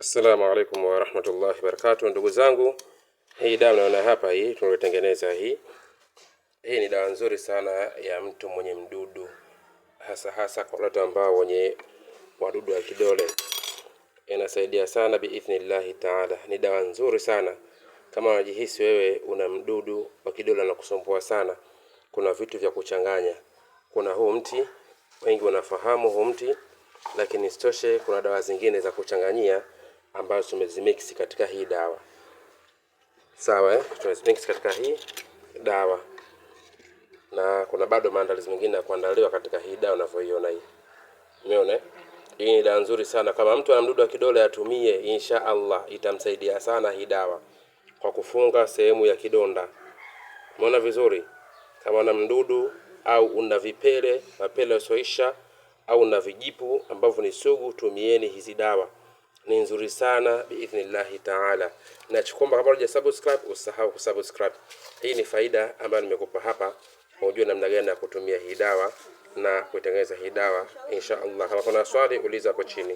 Assalamu alaikum warahmatullahi wabarakatuh, ndugu zangu, hii dawa naona hapa hii tunayotengeneza hii hii ni dawa nzuri sana ya mtu mwenye mdudu, hasa hasa kwa watu ambao wenye wadudu wa kidole. Inasaidia sana biidhnillahi taala, ni dawa nzuri sana. Kama unajihisi wewe una mdudu wa kidole unakusumbua sana, kuna vitu vya kuchanganya. Kuna huu mti, wengi wanafahamu huu mti, lakini sitoshe, kuna dawa zingine za kuchanganyia ambazo tumezimix katika hii dawa. Sawa eh? Tumezimix katika hii dawa na kuna bado maandalizi mengine ya kuandaliwa katika hii dawa unavyoiona hii. Umeona? Eh? Hii ni dawa nzuri sana. Kama mtu ana mdudu wa kidole atumie, insha Allah itamsaidia sana hii dawa kwa kufunga sehemu ya kidonda. Umeona vizuri? Kama una mdudu au una vipele, mapele yasioisha au una vijipu ambavyo ni sugu, tumieni hizi dawa ni nzuri sana biidhnillahi taala. Na chukumba kama unaja subscribe, usahau kusubscribe. Hii ni faida ambayo nimekupa hapa, unajua namna gani ya kutumia hii dawa na kuitengeneza hii dawa insha Allah. Kama kuna swali uliza hapo chini.